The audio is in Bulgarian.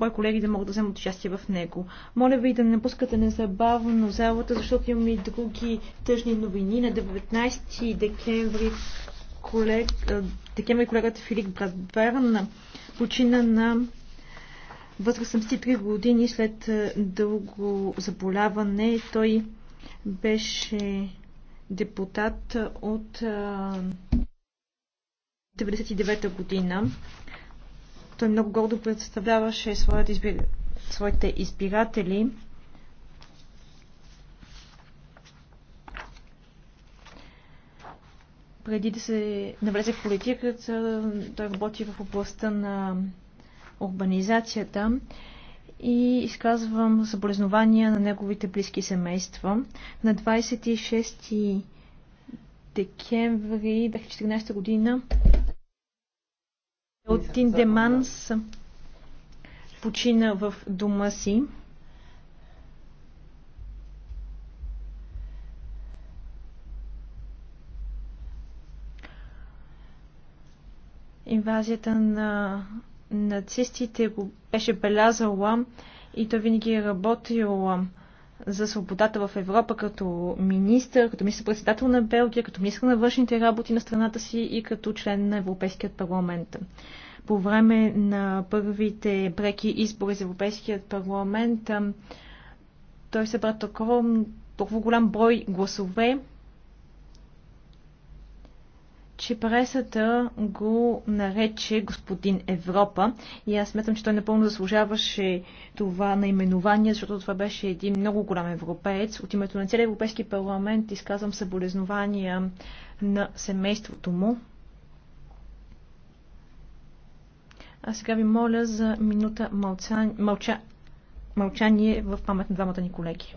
мои колеги да могат да вземат участие в него. Моля ви да не пускате незабавно залата, защото имаме и други тъжни новини. На 19 декември, колег, декември колегата Филип Брадберн почина на възраст 83 години след дълго заболяване. Той беше депутат от 99-та година. Той много гордо представляваше своят своите избиратели. Преди да се навлезе в политиката, той работи в областта на урбанизацията и изказвам съболезнования на неговите близки семейства. На 26 декември 2014 година от Тиндеманс почина в дома си. Инвазията на нацистите го беше белязала и той винаги е работил за свободата в Европа като министър, като министър-председател на Белгия, като министър на външните работи на страната си и като член на Европейският парламент. По време на първите преки избори за Европейският парламент той събра такова, толкова голям брой гласове, че пресата го нарече господин Европа и аз смятам, че той напълно заслужаваше това наименование, защото това беше един много голям европеец. От името на целия Европейски парламент изказвам съболезнования на семейството му. А сега ви моля за минута мълча... мълча... мълчание в памет на двамата ни колеги.